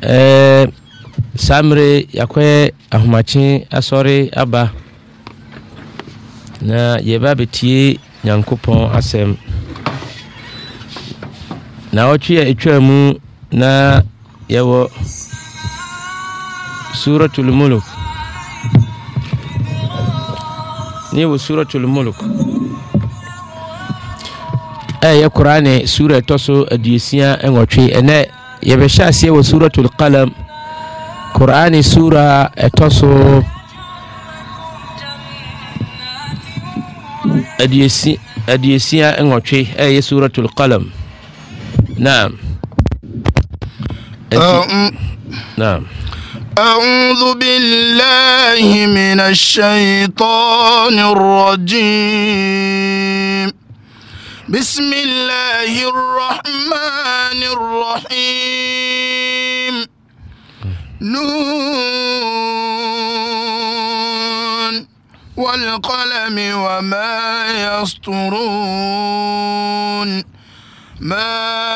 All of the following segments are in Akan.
Eh, saa mmere yakɔyɛ ahomakye asɔre aba na yɛba bɛtie nyankopɔn asɛm na ɔtwe a ɛtwaa mu na yɛwɔ suratul muluk ne yɛwɔ suratul muluk ɛyɛ eh, korane sura ɛtɔ so aduesia nwɔtwe ɛnɛ يبشا سي سورة القلم قرآن سورة اتوسو اديسي اديسي انوتشي اي سورة القلم نعم نعم أعوذ بالله من الشيطان الرجيم بسم الله الرحمن الرحيم نون والقلم وما يسطرون ما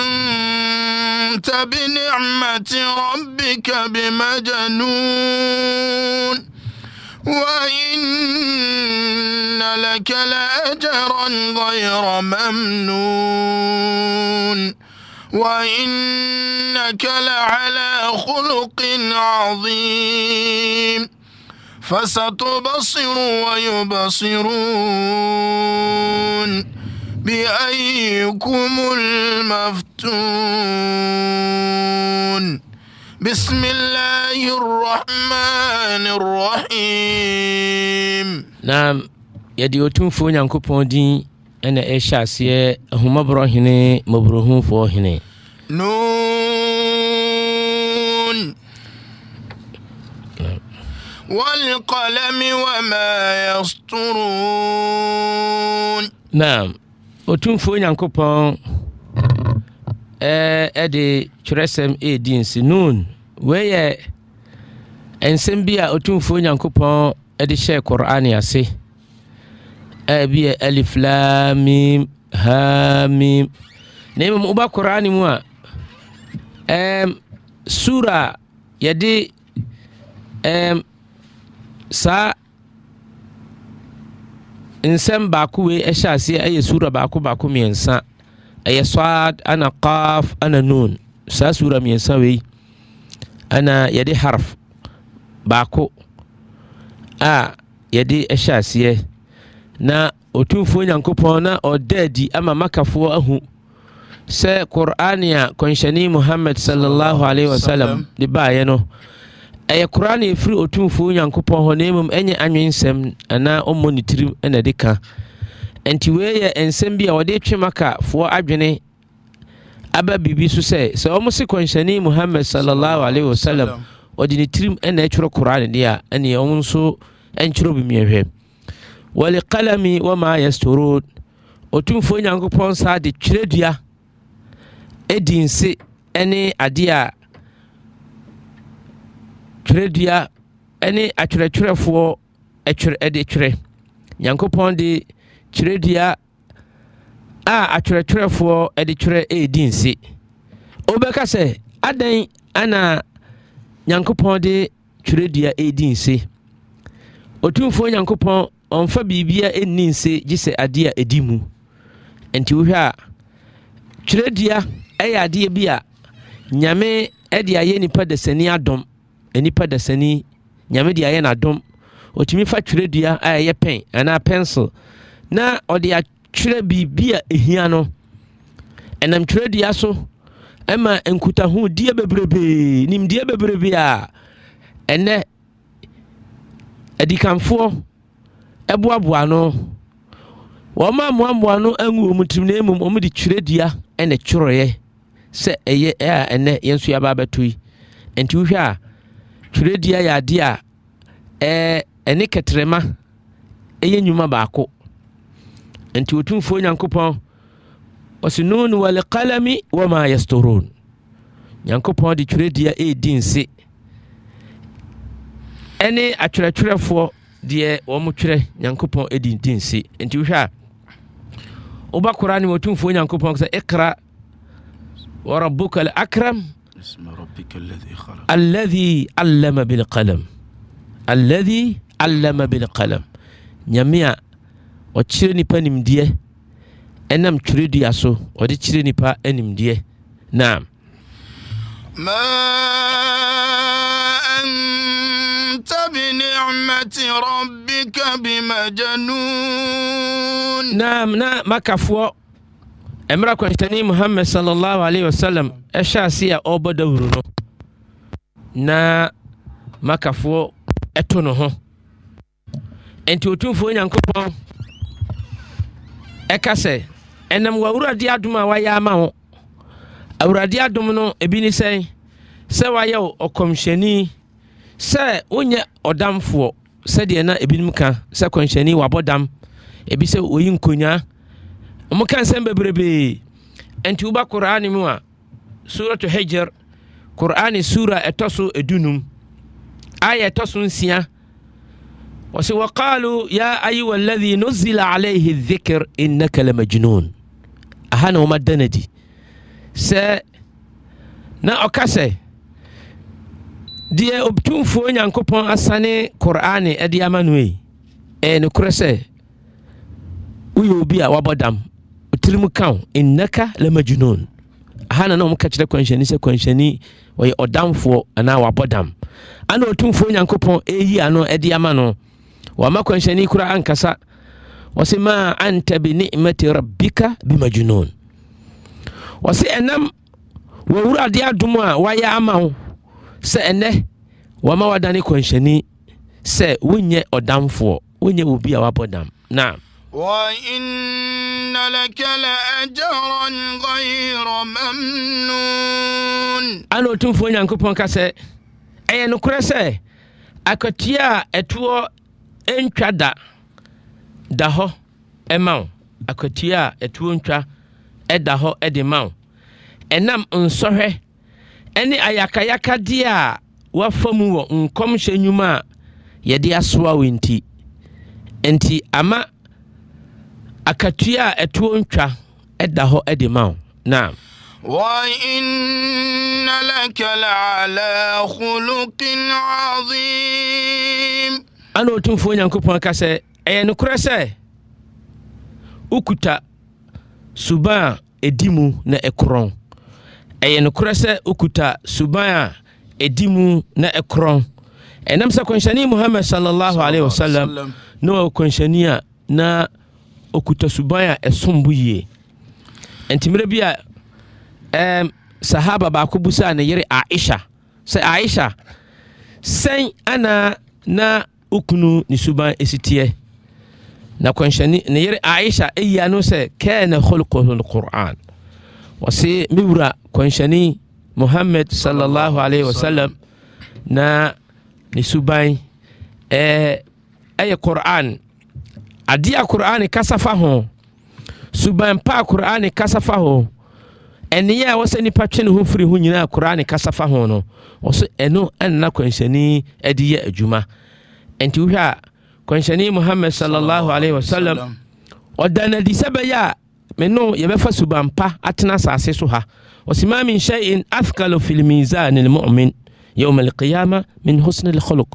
أنت بنعمة ربك بمجنون وإن لك لأجرا غير ممنون وإنك لعلى خلق عظيم فستبصر ويبصرون بأيكم المفتون بسم الله الرحمن الرحيم نعم yɛde ɔtumfoɔ nyankopɔn din ɛna ɛhyɛ aseɛ ahomaborɔ hene mmɔborɔhumfoɔ hene nun والقلم wama yasturun. نعم ɔtumfoɔ nyankopɔn ɛde twerɛsɛm ɛdi nsi nun wei yɛ nsɛm bi a ɔtumfoɔ nyankopɔn ɛde hyɛ korane ase ɛbi yɛ alif lam mim ha mim na mmom woba koraa mu a ɛm sura yɛde ɛm saa nsɛm baako wei ɛhyɛ aseɛ ɛyɛ sura baako baako mmiɛnsa ɛyɛ swad ana qaf ana nun saa sura mmiɛnsa wei ana yɛde harf baako a yɛde ɛhyɛ aseɛ na ɔtumfuo nyankopɔn na ɔda adi ama makafoɔ ahu sɛ qur'ane a kɔnhyɛne muhammad sallallahu alaihi wasallam de baeɛ no ɛyɛ koraa ɛfiri ɔtumfuo nyankopɔn hɔ na mmom ɛnyɛ anwensɛm anaa ɔmmɔ ne tirim ɛna de ka ɛnti wei yɛ nsɛm bi a wɔde twe makafoɔ adwene aba biribi so sɛ sɛ ɔmo se kɔnhyɛne muhammad sallallahu alaihi wasallam ɔde ne tirim ɛna ɛtwerɛ koraa deɛ a ɛneɛ ɔmo nso ɛntwerɛ bi miɛhwɛ wɔle kalami wɔma yɛ storo ɔtumfoɔ nyankopɔn saa de twerɛdua ɛdi nse ɛne adeɛ a twerɛdua ɛne atwerɛtwerɛfoɔ ɛtwerɛ ɛde twerɛ nyankopɔn de twerɛdua a atwerɛtwerɛfoɔ ɛde twerɛ ɛredi nse wobɛka sɛ adɛn ana nyankopɔn de twerɛdua ɛredi nse ɔtumfoɔ nyankopɔn ɔmfa biribia ɛnni nse gye sɛ adeɛ a ɛdi mu nti wohwɛ a twerɛdua ɛyɛ adeɛ bi a nyame ɛde ayɛ nipa dasani adom nipa dasani nyame de ayɛ n'adom otumi fa twerɛdua a ɛyɛ pɛn anaa pencil na ɔde atwerɛ biribi a ehia no ɛnam twerɛdua so ɛma nkutahodie bebrebee nimdeɛ bebrebee a ɛnɛ adikanfoɔ ɛboaboa e no wɔn a mmoamoa no angu wɔn tirim na mmom wɔn de twerɛdua ɛna twerɛeɛ sɛ ɛyɛ ɛyɛ a ɛnɛ yɛn nso yaba abɛto yi nti wohwɛ a twerɛdua yɛ adeɛ a ɛɛ ɛne kɛtɛrɛma ɛyɛ nnwuma baako nti otumfuo nyankopɔn ɔsi nuunu wale kalami wɔma ayɛ storon nyankopɔn de twerɛdua ɛredi nse ɛne atwerɛtwerɛfoɔ deɛ wɔn twerɛ nyankopɔn edintin si nti wohwɛ a woba koraa ne wɔtumfuo nyankopɔn sɛ ikra وربك الأكرم اسم ربك الذي خلق alladhi allama بالقلم الذي علم بالقلم nyame a ɔkyerɛ nipa nimdeɛ ɛnam twerɛdua so ɔde kyerɛ nipa animdeɛ naam ma tàbí ní ọmọtí rọ́bì kábí màjánún. naam na makafoɔ mmerɛ kwanhyɛne muhammad sallallahu alaihi wasallam ɛhyɛ ase a ɔrebɔ dawuro no na makafoɔ ɛto ne ho nti otumfoɔ nyankopɔn ɛka sɛ ɛnam wawurade adom a wayɛ ama wo awurade adom no ebi ne sɛn sɛ wayɛ wo ɔkɔmhyɛni sɛ wonyɛ ɔdamfoɔ sɛdeɛ na ebinom ka sɛ kwanhyɛni wabɔ dam ebi sɛ oyi nkonyaa ɔmo ka nsɛm bebrebee nti woba koraa mu a suratu hijr qur'ani sura ɛtɔ so edunum aya ɛtɔ so nsia wɔsi waqalu ya ayiwa alladhi nuzila alayhi dhikr innaka lamajnun aha na wɔma danadi sɛ na ɔka sɛ deɛ obtumfuo nyankopɔn asane korane ɛde ama no yi ɛyɛ nokorɛ sɛ woyɛ obi a wabɔ dam otirim ka wo innaka lamajunun aha na na ɔmka kyerɛ kwanhyɛni sɛ kwanhyɛni ɔyɛ ɔdamfoɔ anaa wabɔ dam ana otumfuo nyankopɔn ɛyi ano ɛde ama no wama kwanhyɛni kora ankasa wɔse ma anta bi ni'mati rabbika bimajunun wɔse ɛnam wawurade adom a wayɛ ama wo sɛ ɛnɛ wama wadane kwanhyɛni sɛ wonyɛ ɔdamfoɔ wonyɛ obi a wabɔ dam na وإن لك لأجرا غير ممنون أنا أتمفو نيانكوبون كاسة أي نكرة سة أكتيا أتوى أنتوا دا da hɔ ɛma wo akwatua a ɛtuo ntwa ɛda hɔ ɛde ma wo ɛne ayakayakadeɛ a wafa mu wɔ nkɔmhyɛ nnwuma a yɛde asoa wo nti nti ama akatua a ɛtoɔ ntwa ɛda hɔ ɛde ma wo na وإن لك لعلى خلق عظيم أنا أتمفو نyankopo akasɛ ɛyɛ nokorɛ sɛ wokuta suban a ɛdi mu na ɛkorɔn ɛyɛ nokorɛ sɛ wokuta suban a ɛdi mu na ɛkorɔn ɛnam sɛ kwanhyɛne muhammad sallallahu alaihi wasallam na wɔwɔ kwanhyɛne a na ɔkuta suban a ɛsom bo yie ɛnti mmerɛ bi a um, sahaba baako busaa ne yere aisha sɛ aisha sɛn ana na okunu ne suban ɛsiteɛ na kwanhyɛne ne yere aisha ɛyi no sɛ kɛɛ na kɔlkɔlɔ qur'an ɔse me wura kwanhyɛne muhammad sallallahu alaihi wasallam na ne suban ɛyɛ eh, qur'an adeɛ a qur'an kasa fa ho suban pa a qur'an kasa fa ho ɛneyɛ a wɔsɛ nipa twe ne ho firi ho nyinaa qur'an kasa fa ho no ɔso ɛno ɛnna kwanhyɛne de yɛ adwuma ɛnti wohwɛ a kwanhyɛne muhammad sallallahu alaihi wasallam ɔda sɛ bɛyɛ a meno yɛbɛfa subanpa atena asase so ha ɔsima in shay'in athkalo fi lmizan lmumin yawma alqiyama min husn alkhuluq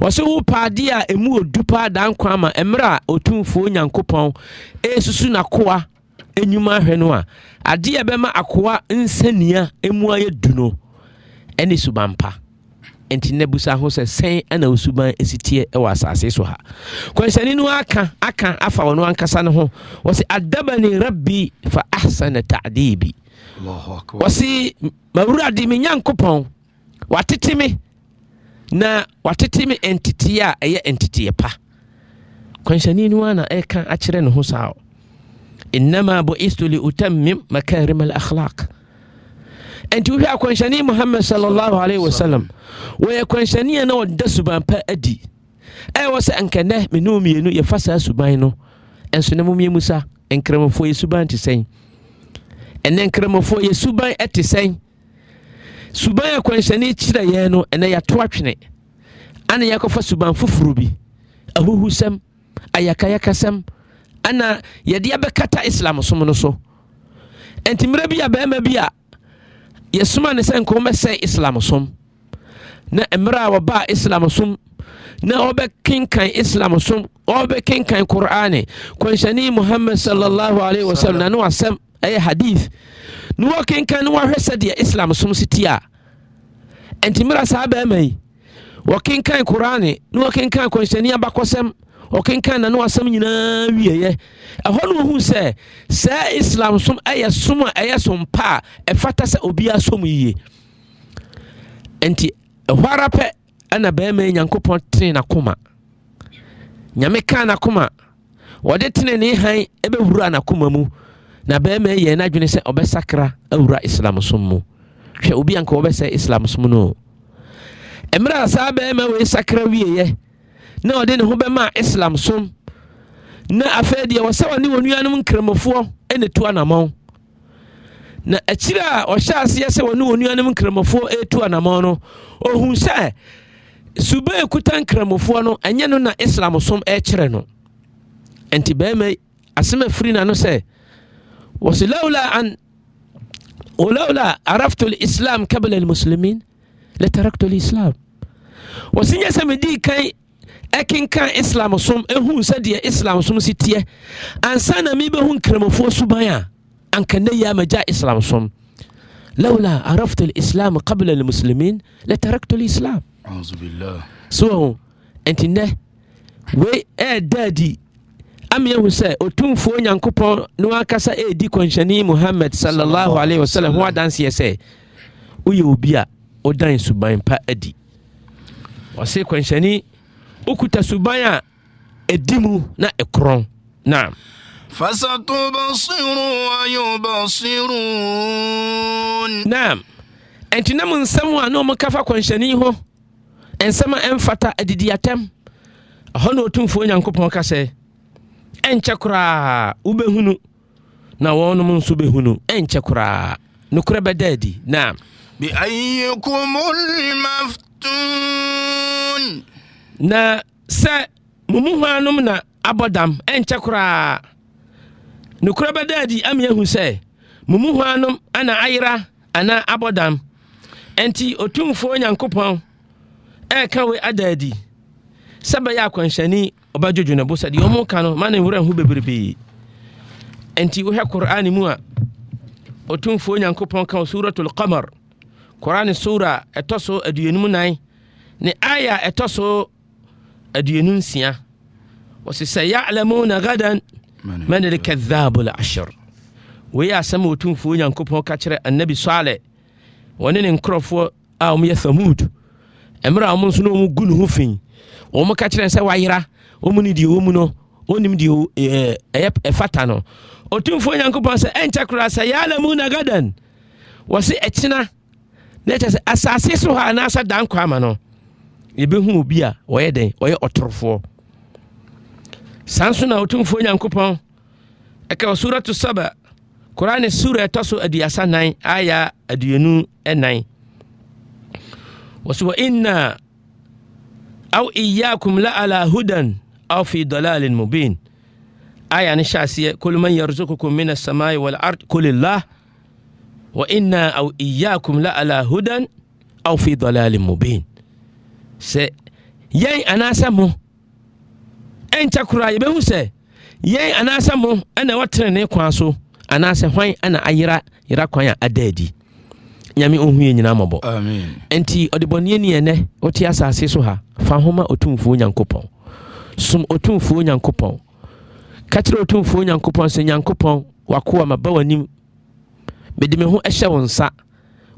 wɔse wo paade a ɛmu ɔdu paa daa nkwa ama mmerɛ a ɔtumfuo nyankopɔn ɛsusu nakoa ɛnwuma ahwɛ no a adeɛ ɛbɛma akoa nsania ɛmu ayɛ du no ɛne subanpa nti nabusa ho sɛ sɛn ɛna osuban esi teɛ ɛwɔ asase so ha kwanhyɛni no aka aka afa wɔn ankasa no ho wɔsi adabani rabbi fa ahsana ta'dibi wɔsi mawurade mi nyankopɔn watete me na watete me nteteɛ a ɛyɛ nteteɛ pa kwanhyɛni no ana ɛka akyerɛ ne ho saa innama bu'istu li utammim makarim al akhlaq ɛnti wohwɛ akwanhyɛne muhammad sallallahu alaihi wasallam wɔyɛ akwanhyɛne a na wɔda suban pa adi ɛwɔ sɛ nkɛnɛ me ne mmienu yɛfa saa suban no ɛnso na momiɛ mu sa nkramofoɔ yɛ suban te sɛn ɛnɛ nkramofoɔ yɛ suban te sɛn suban akwanhyɛne kyerɛ yɛn no ɛnɛ yɛato atwene ana yɛakɔfa suban foforɔ bi ahuhusɛm ayakayakasɛm ana yɛde abɛkata islam som no so ɛnti mmerɛ bi a bɛrima bi a yɛsoma ne sɛ nka wɔbɛsɛe islam som na mmerɛ a wɔbaa islam som na wɔbɛkenkan islam som wɔbɛkenkan qur'ane kwanhyɛne muhammad sallallahu alaihi wasallam na ne wasɛm ɛyɛ hadith na wɔkenkan no wɔhwɛ sɛdeɛ islam som si ti a ɛnti mmerɛ saa bɛrima yi wɔkenkan qur'ane na wɔkenkan kwanhyɛne abakɔsɛm ɔkenkan na ne wasɛm nyinaa wieɛ ɛhɔ no wohu sɛ saa islam som ɛyɛ som a ɛyɛ som pa a ɛfata sɛ obiara som yie nti ɛhɔ ara pɛ ɛna bɛrima yi nyankopɔn tene n'akoma nyame kaa n'akoma wɔde tene ne han ɛbɛwura n'akoma mu na bɛrima yi yɛ n'adwene sɛ ɔbɛsakra awura islam som mu hwɛ obi anka wɔbɛsɛ islam som no mmerɛ a saa bɛrima wei sakra wieɛ na ɔde ne ho bɛma islam som na afei deɛ wɔsɛ wɔne wɔn nuanom nkramofoɔ ne tu anamɔn na akyire a ɔhyɛ aseɛ sɛ wɔne wɔn nuanom nkramofoɔ retu anamɔn no ohun sɛ sube ekuta nkramofoɔ no ɛnyɛ no na islam som ɛrekyerɛ no nti bɛrima asɛm afiri n'ano sɛ wɔsi lawla an ولولا عرفت الإسلام قبل المسلمين لتركت الإسلام وسنجس سمدي كاي ɛkenkan islam som ɛhuu sɛdeɛ islam som si teɛ ansa na mebɛhu nkramofoɔ suban a anka nna yia magya islam som laula arafta alislam qabla almuslimin lataraktu alislam so ɛnti nnɛ wei ɛɛdaadi ama se sɛ ɔtumfuo nyankopɔn no ankasa edi kɔnhyɛne muhammad sallallahu alaihi wasallam ho adanseɛ se woyɛ obi a wodan suban pa adi ɔse kɔnhyɛne ukuta suban a ɛdi mu na ɛkorɔn na naam ɛnti m nsɛm a na ɔmoka fa kwanhyɛne hɔ ɛnsɛm a ɛmfata adidi atɛm ɛhɔ na ɔtumfoɔ nyankopɔn ka sɛ ɛnkyɛ koraa wobɛhunu na wɔnom nso bɛhunu ɛnkyɛ koraa nokorɛ bɛda adi naam biayikum na sɛ mo mu hwanom na abɔ dam ɛnkyɛ koraa nokorɛ bɛda adi ama ahu sɛ mo hwanom ana ayera anaa abɔ dam ɛnti ɔtumfoɔ nyankopɔn ɛɛka wei ada adi sɛ bɛyɛ akwanhyɛne ɔbɛdwodwo ne bo sɛ deɛ ɔmo ka no ma ne werɛ ho bebrebee ɛnti wohwɛ kor'ane mu a ɔtumfoɔ nyankopɔn ka suratul qamar korane sura ɛtɔ so aduonum nan ne aya ɛtɔ so aduonu nsia wɔsi sɛ ya'lamu na gadan mɛne de kadhaabu la ashir wei asɛm a ɔtumfuo nyankopɔn ka kyerɛ annabi sɔale wɔne ne nkurɔfoɔ a wɔn yɛ thamud mmerɛ a wɔn nso na wɔn gu ne ho fi wɔn ka kyerɛ sɛ wayera wɔn ne deɛ wɔn mu no wɔnim deɛ ɛyɛ ɛfata no ɔtumfuo nyankopɔn sɛ ɛnkyɛ koraa sɛ ya'lamu na gadan wɔsi ɛkyina na ɛkyɛ sɛ asase so hɔ anaasɛ dan kwa no yɛbɛhu obi a ɔyɛ dɛn ɔyɛ ɔtorofoɔ saa nso na ɔtumfoɔ nyankopɔn ɛka wɔ suratu saba korane sura ɛtɔ so aduasa nan aya aduonu ɛnan wɔso wɔ inna aw iyakum la ala hudan aw fi dalalin mubin aya ne hyɛ aseɛ kul man yarzukukum min assamai walard kulillah wa inna aw iyakum la ala hudan aw fi dalalin mubin sɛ yɛn anaasɛ mo ɛnkyɛ koraa yɛbɛhu sɛ yɛn anaasɛ mo ɛna ɛwɔ ne kwan so anaasɛ hwan ɛna ayera yera kwan a ada adi nyame ɔhu yɛ nyinaa mmɔbɔ ɛnti ɔdebɔneɛ ni ɛnɛ wote asase so ha fa homa ma ɔtumfuo nyankopɔn som ɔtumfuo nyankopɔn ka kyerɛ ɔtumfuo nyankopɔn sɛ nyankopɔn wakoa maba w'anim mede me ho ɛhyɛ wo nsa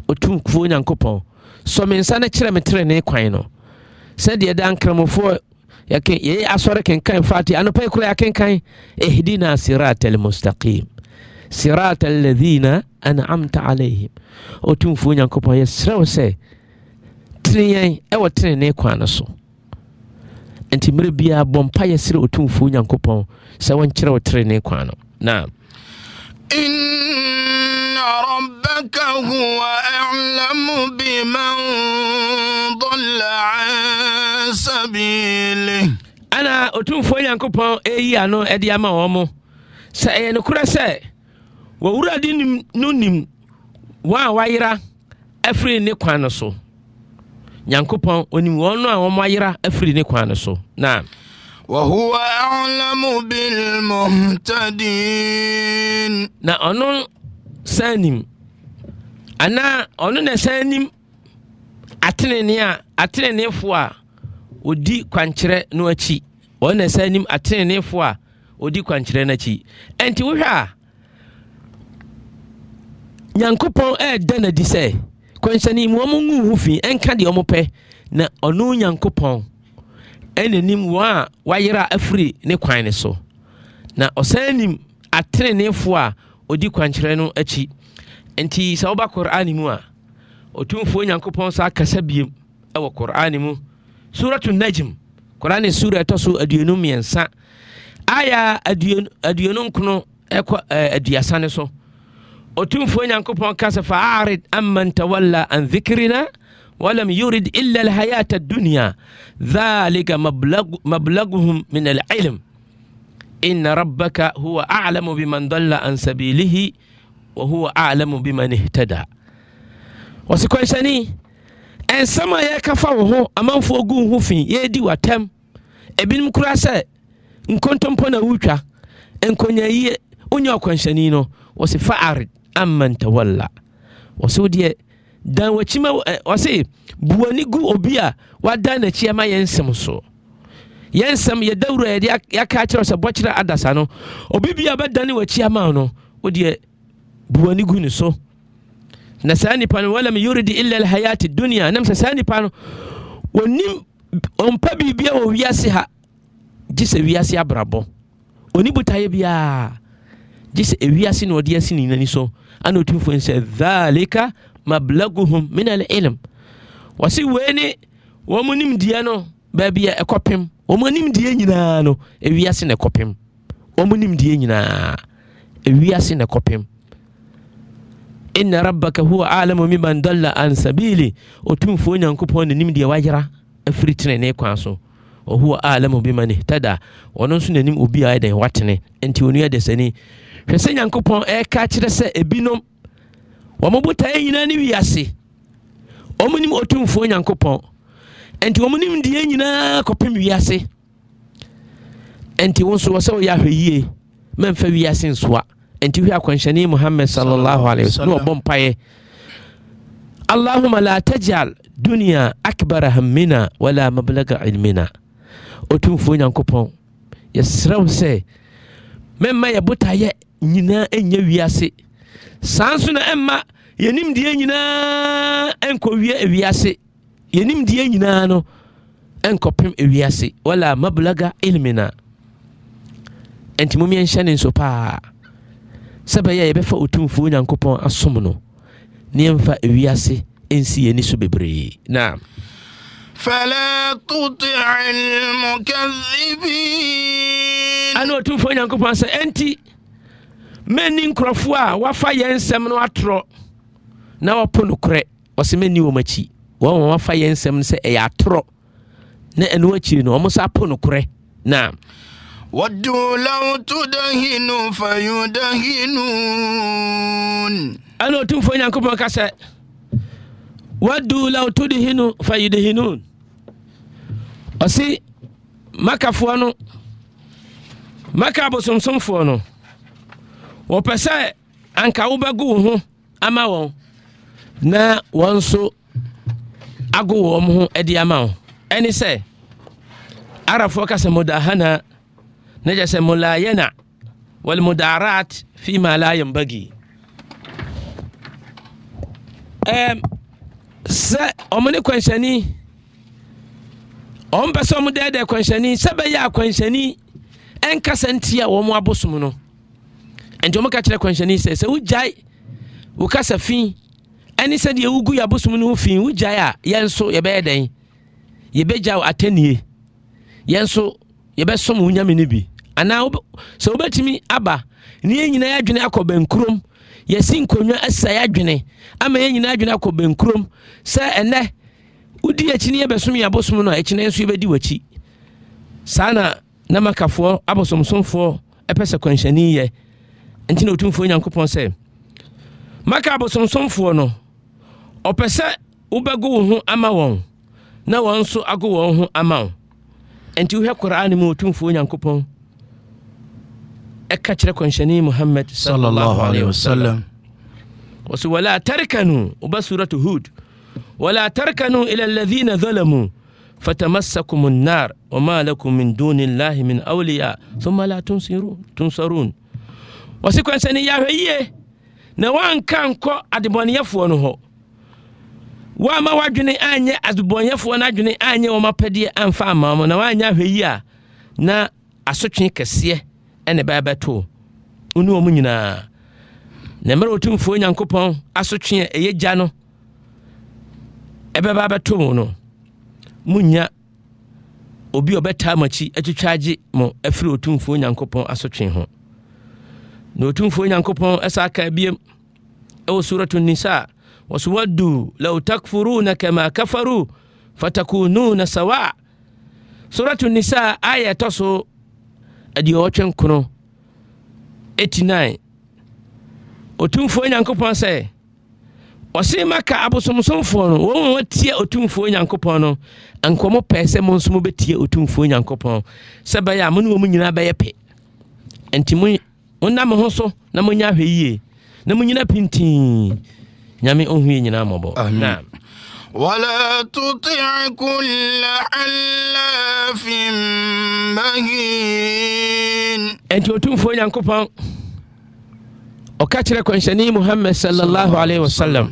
ɔtumfuo nyankopɔn sɔ me nsa no kyerɛ me tenenee kwan no sɛdeɛ da nkramofoɔ yɛyɛ asɔre kenkan fati anɔpa yi kora yɛkenkan ihdina sirat almustaqim sirat alladhina an'amta alaihim ɔtumfuo nyankopɔn yɛserɛ wo sɛ tene yɛn ɛwɔ tenene kwa no so nti mmerɛ biaa bɔ mpa yɛserɛ ɔtumfuo nyankopɔn sɛ wɔnkyerɛ wo terene kwa no na ربك هو أعلم بمن ضل عن سبيله أنا أتوفى ينكوبون إيه أنو إدي أما أمو sɛ ɛyɛ nokora sɛ wɔwurade no nim wɔn a wayera afiri ne kwan no so nyankopɔn onim wɔn no a wɔn ayera afiri ne kwan no so na. وهو أعلم بالمهتدين na ɔno saa anaa ɔno na ɛsan anim atenene a atenenefoɔ a ɔdi kwankyerɛ no akyi ɔno na ɛsan anim atenenefoɔ a ɔdi kwankyerɛ no akyi ɛnti wohwɛ a nyankopɔn ɛɛda no adi sɛ kwanhyɛne mu ɔmo ngu ho fi ɛnka deɛ ɔmo pɛ na ɔno nyankopɔn ɛnanim wɔn a wayera afiri ne kwan ne so na ɔsan anim atenenefoɔ a ɔdi kwankyerɛ no akyi nti sɛ woba qur'ane mu a ɔtumfuo nyankopɔn saa kasa biem ɛwɔ qur'ane mu suratu najm qur'ane sura ɛtɔ so aduonu mmiɛnsa aya aduonu nkono ɛkɔ aduasa ne so ɔtumfuo nyankopɔn kasa fa arid amman tawalla an dhikrina ولم يرد إلا الحياة الدنيا ذلك مبلغ مبلغهم من العلم إن ربك هو أعلم بمن ضل عن سبيله wahuwa alamu bimani tada wɔsi kwanhyɛni nsɛm a yɛrekafa wo ho amanfoɔ eh, gu ho fi yɛredi w'atam ebinom kura sɛ nkontompo na wotwa nkonyayie wonya ɔkwanhyɛni no wɔsi fa arid amma ntawalla wɔsi wo deɛ dan w'akyi ma wɔsi buwani gu obi a wadan n'akyi ama yɛn nsɛm so yɛn nsɛm yɛda wura yɛde yɛaka akyerɛ sɛ bɔkyerɛ adasa no obi bi a bɛdane w'akyi ama no wo deɛ buwani gu ne so na saa nipa no walam yuridi illa alhayati dunia nam sɛ saa nipa no ɔnim ɔmpa biribia wɔ wiase ha gye sɛ wiase abrabɔ ɔni botaeɛ biaa gye sɛ ewiase na ɔde asi ne nani so ana ɔtumfoɔ n sɛ dhalika mablaguhum min alilm wɔse wei ne wɔn mu nimdeɛ no baabi a ɛkɔpem wɔn mu nimdeɛ nyinaa no ewiase na ɛkɔpem wɔn mu nimdeɛ nyinaa ewiase na ɛkɔpem inna rabbaka huwa alamu miman dalla an sabili otumfuo nyankopɔn nanim deɛ wayera afiri tenene kwan so ɔhuwa alamu biman ihtada ɔno nso nanim obi a ɛdɛn watene nti ɔnua de sani hwɛ sɛ nyankopɔn ɛka kyerɛ sɛ ebinom wɔn botaeɛ nyinaa ne wiase wɔn nim otumfuo nyankopɔn nti wɔn nim deɛ nyinaa kɔpem wiase nti wɔn nso wɔ sɛ wɔyɛ yie mɛmfa wiase nsoa ɛnti hwɛ akwanhyɛne muhammad sallallahu alaihi wasallam na ɔbɔ mpaeɛ allahumma la tajal dunia akbara hammina wala mablaga ilmina ɔtumfuo nyankopɔn yɛserɛ wo sɛ mɛmma yɛ botaeɛ nyinaa ɛnyɛ wiase saa nso na ɛmma yɛnimdeɛ nyinaa ɛnkɔwie awiase yɛnimdeɛ nyinaa no ɛnkɔpem awiase wala mablaga ilmina ɛnti momiɛnhyɛ ne nso paa sɛ bɛyɛ yɛbɛfa ɔtumfuo nyankopɔn asom no na yɛmfa ewiase ɛnsi yɛni so bebree na فلا تطع المكذبين أنا أتوفى نكوب أنسى أنت mɛni nkurɔfoɔ a wafa yɛn nsɛm no atorɔ na wɔpo nokorɛ ɔsɛ mɛni wɔn akyi wɔn a wafa yɛn nsɛm no sɛ ɛyɛ na ɛno akyiri no na. ودوا لو تدهن فيدهنون أنا أتوفى أنكم مكاسة ودوا لو تدهن فيدهنون أسي makafoɔ no maka abosomsomfoɔ no wɔpɛ sɛ anka wobɛgo wo ho ama wɔn na wɔn nso ago wɔn ho de ama wo ɛne sɛ arafoɔ kasa mudahana نجس ملاينة والمدارات فيما لا ينبغي أم sɛ ɔmo ne kwanhyɛni ɔmo pɛ sɛ ɔmo dɛɛdɛɛ kwanhyɛni sɛ bɛyɛ akwanhyɛni ɛnkasa nti a wɔn abosom no nti ɔmo ka kyerɛ kwanhyɛni sɛ sɛ wogyae wo kasa fi ɛne sɛ deɛ wogu yɛ abosom no ho fi wogyae a yɛn nso yɛbɛyɛ dɛn yɛbɛgya atɛnie anaa sɛ wobɛtumi aba ne yɛn nyinaa adwene akɔ bɛnkurom yɛsi nkonnwa asisa yɛ adwene ama yɛn nyinaa adwene akɔ bɛnkurom sɛ ɛnɛ wodi akyi ne yɛbɛsom yɛ abosom no a ɛkyinɛ nso yɛbɛdi w'akyi saa na na namakafoɔ abosomsomfoɔ ɛpɛ sɛ kwanhyɛne yɛ nti na ɔtumfoɔ nyankopɔn sɛ maka abosomsomfoɔ no ɔpɛ sɛ wobɛgo wo ho ama wɔn na wɔn nso ago wɔn ho ama wo ɛnti wohwɛ koraa ne mu ɔtumfoɔ nyankopɔn أكثر ka kyerɛ kwanhyɛne muhammad wasallam wɔso wala tarkanu تركنوا وبسورة هود ولا تركنوا إلى الذين ظلموا فتمسكم النار وما لكم من دون الله من أولياء ثم لا تنصرون تنصرون وسيكو أنساني يا هي نوان كان كو أدبون يفون هو وما وجني أني أدبون يفون أجني أني وما بدي أنفع مامو نوان يا هي نا أسوتشني كسيه ɛne bɛbɛto wone wɔ mu nyinaa na mmerɛ ɔtumfuo nyankopɔn asotwe a ɛyɛ gya no ɛbɛba bɛto mu no monnya obi a ɔbɛtaa mo akyi atwitwa agye mo afiri ɔtumfuo nyankopɔn asotwe ho na ɔtumfuo nyankopɔn ɛsa ka biam ɛwɔ suratu nisa wɔsowaddu law takfuruna kama kafaru fatakununa sawa suratu nisa ayɛ ɛtɔ so aduɔwɔtwe nkono 89 ɔtumfoɔ nyankopɔn sɛ ɔse maka abosomsomfoɔ no wɔn wɔn tie otumfoɔ nyankopɔn no nkɔmɔ pɛɛ sɛ mo nso mo bɛtie otumfoɔ nyankopɔn sɛ bɛyɛ a mo ne wɔn nyinaa bɛyɛ pɛ nti mo mo nam ho so na mo ahwɛ yie na mo pintii nyame ohun yɛ nyinaa mɔbɔ ولا تطع كل حلاف مهين ɛnti ɔtumfoɔ nyankopɔn ɔka kyerɛ kwanhyɛne muhammad sallallahu alaihi wasallam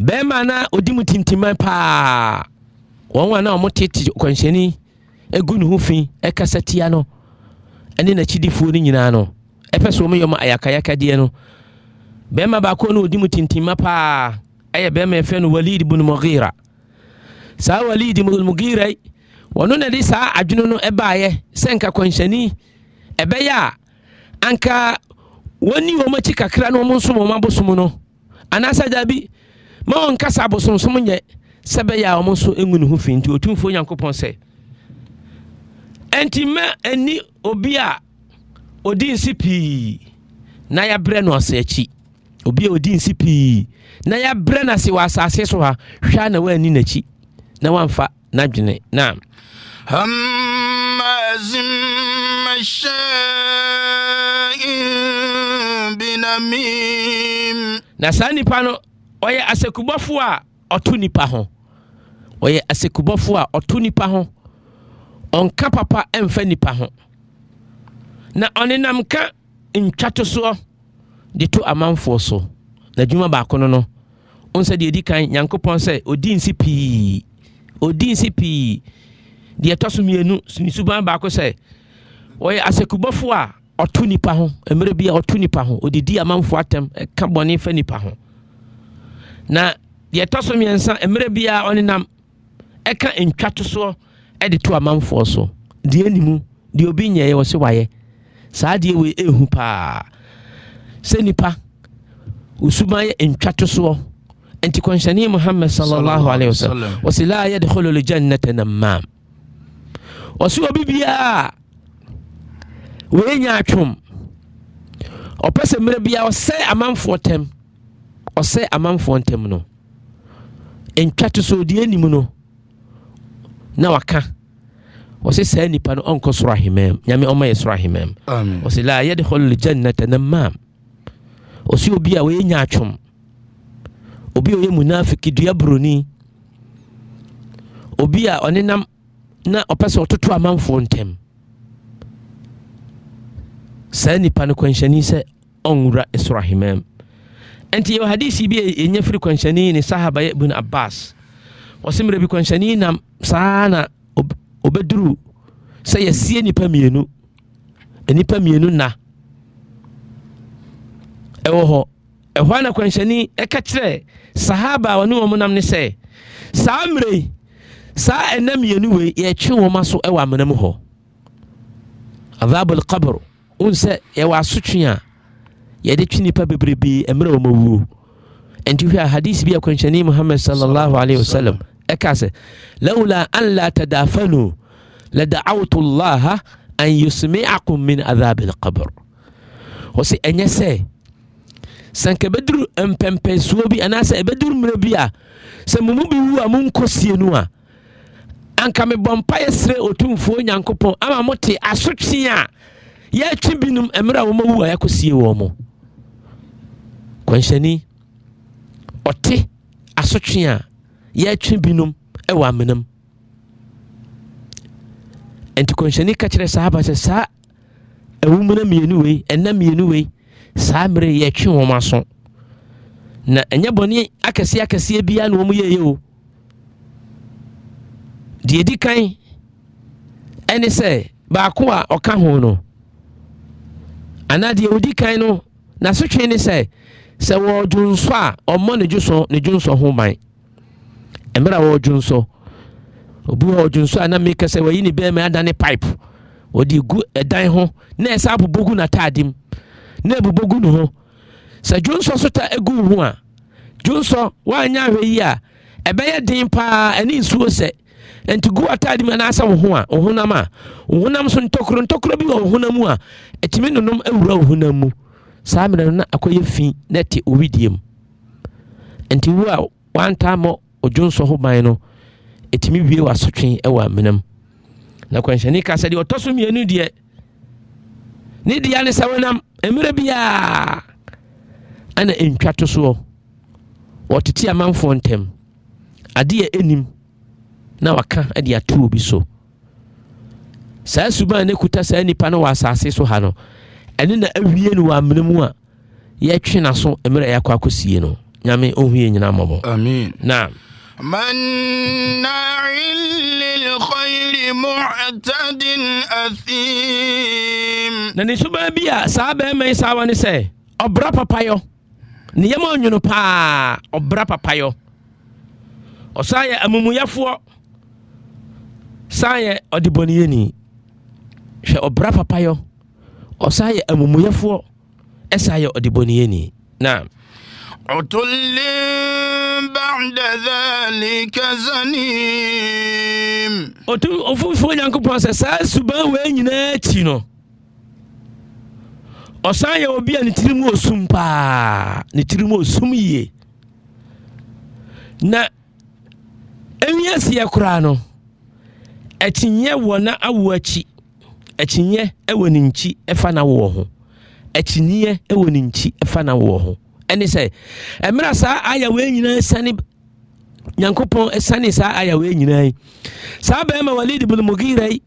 bɛrima na ɔdi mu tintiman paa wɔn a na ɔmotete kwanhyɛne ɛgu ne ho fi ɛkasa tia no ɛne n'akyidifoɔ no nyinaa no ɛpɛ sɛ ɔmyɛ ɔma ayakayakadeɛ no bɛrima baako na ɔdi mu tintima paa aya bɛrima yɛfrɛ no walid bun mugira saa walid bun mugira yi wɔno na de saa adwene no ɛbaayɛ sɛ nka kwanhyɛni ɛbɛyɛ a anka wɔni wɔn akyi kakra na wɔn nso wɔn abosom no anaasɛ daabi ma wɔn nkasa abosomsom nyɛ sɛ bɛyɛ a wɔn nso egu ne ho fi nti otumfuo nyankopɔn sɛ ɛnti mɛ ɛni obi a odi nsi pii na yɛabrɛ no ɔsɛ akyi obi a odi nsi pii na yɛabrɛ no ase wɔ asase so ha hwɛ na woani n'akyi na woamfa n'adwene na همازم مشاء بنميم na saa nipa no ɔyɛ asekubɔfoɔ a ɔto nipa ho ɔyɛ asekubɔfoɔ a ɔto nipa ho ɔnka papa ɛmfa nipa ho na ɔnenam ka ntwatosoɔ de to amanfoɔ so na adwuma baako no no wɔn sɛ deɛ edi kan nyankopɔn sɛ odi nsi pii odi nsi pii deɛ ɛtɔ so mmienu suban baako sɛ wɔyɛ asekubɔfoɔ a ɔto nipa ho mmerɛ bi a ɔto nipa ho odidi amanfoɔ atɛm ɛka bɔne fɛ nipa ho na deɛ ɛtɔ so mmiɛnsa mmerɛ bi a ɔnenam ɛka ntwatosoɔ ɛde to amanfoɔ so deɛ ɛnimu deɛ obi nyɛɛ wɔ se wayɛ saa deɛ wei ɛhu paa sɛ nipa osuma yɛ ntwatosoɔ nti kɔnhyɛne muhammad sallallahu alaihi wasallam wɔsi la yadkhulu aljannata namam wɔsi obi biara wei nya atwom ɔpɛ sɛ mmerɛ biara ɔsɛe amanfoɔ ntɛm ɔsɛe amanfoɔ ntɛm no ntwatosoɔ deɛ anim no na waka wɔsi saa nipa no ɔnkɔ soro ahemam nyame ɔma yɛ soro ahemam wɔsi la yadkhulu aljannata namam ɔsɛ obi a ɔyɛ nyaatwom obi a ɔyɛ munafiki dua buroni obi a ɔne nam na ɔpɛ sɛ ɔtoto amanfoɔ ntɛm saa nipa no kwanhyɛni sɛ ɔnwura ɛsoro ahemam ɛnti yɛwɔ hadisi bi a ɛnya firi kwanhyɛni ne sahaba yɛ bun abbas ɔse mmerɛ bi kwanhyɛni nam saa na ɔbɛduru sɛ yɛsie nipa mmienu nipa mmienu na ɛwɔ hɔ ɛhɔ na kwanhyɛni ɛka kyerɛ sahaba a wɔne wɔn nam ne sɛ saa mmerɛ yi saa ɛnna mmienu wei yɛtwe wɔn aso ɛwɔ amena mu hɔ adhabul qabr wɔn sɛ yɛwɔ asotwe a yɛde twe nipa bebrebe mmerɛ wɔn awuo nti hwɛ a hadisi bi a kwanhyɛni muhammad sallallahu alaihi wasallam ɛka sɛ lawla an la tadafanu ladacawtu allaha an yusmicakum min adhabil qabr wɔsi ɛnyɛ sɛ sɛ nka ɛbɛduru mpɛmpɛnsoɔ bi anaasɛ ɛbɛduru mmerɛ bi a sɛ mo mu bi wu a monkɔ sie no a anka mebɔ mpaeɛ serɛ ɔtumfuo nyankopɔn ama mote asotwe a yɛatwe binom mmerɛ a wɔmawu a yɛakɔsie wɔ mo kwanhyɛni ɔte asotwe a yɛatwe binom ɛwɔ amenam nti kwanhyɛni ka kyerɛ saa ba sɛ saa awumuna mmienu wei ɛna mmienu wei saa mmerɛ yɛtwe wɔn aso na ɛnyɛ bɔne akɛseɛ akɛseɛ biara na wɔn yɛyɛ o deɛ di kan ɛne sɛ baako a ɔka ho no anaa deɛ odi kan no n'asotwe ne sɛ sɛ wɔredwo nsɔ a ɔmmɔ ne dwosɔ ne nsɔ ho ban mmerɛ a wɔredwo nsɔ obi wɔ ɔdwo nsɔ a na mmeka sɛ wɔyi ne bɛrɛ mɛ adane pipe wɔde gu ɛdan ho na ɛsɛ abobɔ gu n'ataade mu na ɛbobɔ gu ne ho sɛ dwonsɔ so ta gu wo ho a dwonsɔ woanyɛ ahwɛ yi a ɛbɛyɛ den paa ɛne nsuo sɛ nti gu ataade mu anaasɛ wo ho a wo honam a wo honam so ntɔkoro ntɔkoro bi wɔ wo honam a ɛtumi nonom awura wo honam mu saa mmerɛ no na akɔyɛ fi na ɛte owi deɛ mu nti wo a wanta mmɔ odwonsɔ ho ban no ɛtumi wie w'asotwe wɔ amena mu na kwanhyɛne ka sɛ deɛ ɔtɔ so mmienu deɛ ne dea ne sɛ wonam mmerɛ biaa ana ntwa to soɔ wɔtete amanfoɔ ntam adeɛ ɛnim na waka de ato bi so saa suban ne kuta saa nipa no wɔ asase so ha no ɛne na awie no wɔ amena mu a yɛtwe naso mmerɛ yɛakɔ akɔsie no nyame ɔhu yɛ nyina mmɔbɔ na بمعتد أثيم نني سبا بيا سابا مي ساوا نسي أبرا بابايو نيما نيونو با أبرا بابايو ɔsan yɛ amumuyɛfoɔ san yɛ ɔdebɔneyɛni hwɛ ɔbra papayɔ ɔsan yɛ amumuyɛfoɔ ɛsan yɛ ɔdebɔneyɛni na ɔtɔlen ba'da dhalika zanim ɔfoforɔ nyankopɔn sɛ saa suban wei nyinaa akyi no ɔsan yɛ obi a ne tiri mu osum paa ne tiri mu osum yie na ɛwi asiɛ koraa no akyinyɛ wɔ na awo akyi akyinyɛ ɛwɔ ne nkyi ɛfa na awoɔ ho akyinyeɛ ɛwɔ ne nkyi ɛfa na awoɔ ho ɛne sɛ ɛmira saa ayɛ wei nyinaa sani nyankopɔn ɛsane saa ayawei nyinaa yi saa bɛrima walid bin mugira yi